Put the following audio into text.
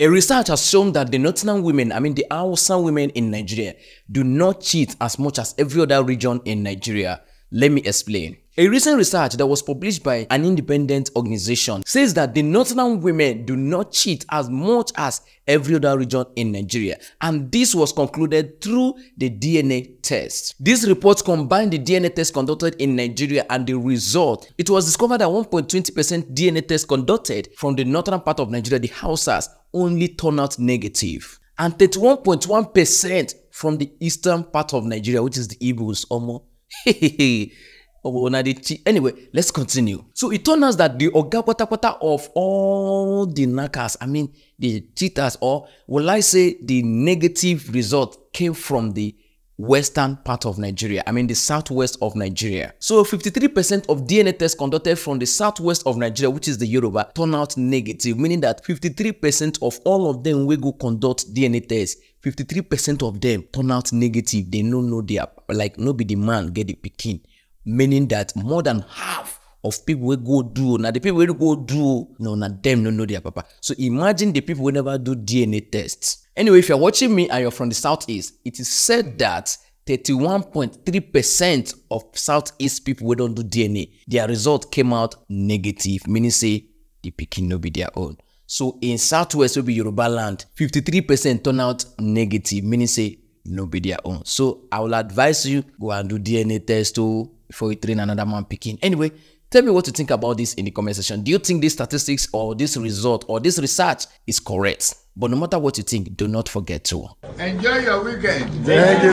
A research has shown that the Nottingham women, I mean the Hausa women in Nigeria, do not cheat as much as every other region in Nigeria. Let me explain. A recent research that was published by an independent organization says that the northern women do not cheat as much as every other region in Nigeria and this was concluded through the DNA test. This report combined the DNA test conducted in Nigeria and the result. It was discovered that 1.20% DNA test conducted from the northern part of Nigeria, the Hausas, only turned out negative and 31.1% from the eastern part of Nigeria which is the Igbos. almost. una dey teach anyway let's continue so e turn out that the oga patapata of all the knackers i mean the cheaters or will i say the negative result came from the western part of nigeria i mean the southwest of nigeria so 53 percent of dna tests conducted from the southwest of nigeria which is the yoruba turn out negative meaning that 53 percent of all of them wey go conduct dna tests 53 percent of them turn out negative they no know their like no be the man get the pikin meaning that more than half of people will go do now the people will go do no now them no know their papa so imagine the people will never do dna tests anyway if you're watching me and you're from the southeast it is said that 31.3% of southeast people will don't do dna their result came out negative meaning say the picking no be their own so in southwest will be yoruba land 53% turn out negative meaning say no be their own so i will advise you go and do dna test too oh before you train another man picking. Anyway, tell me what you think about this in the comment section. Do you think these statistics or this result or this research is correct? But no matter what you think, do not forget to enjoy your weekend.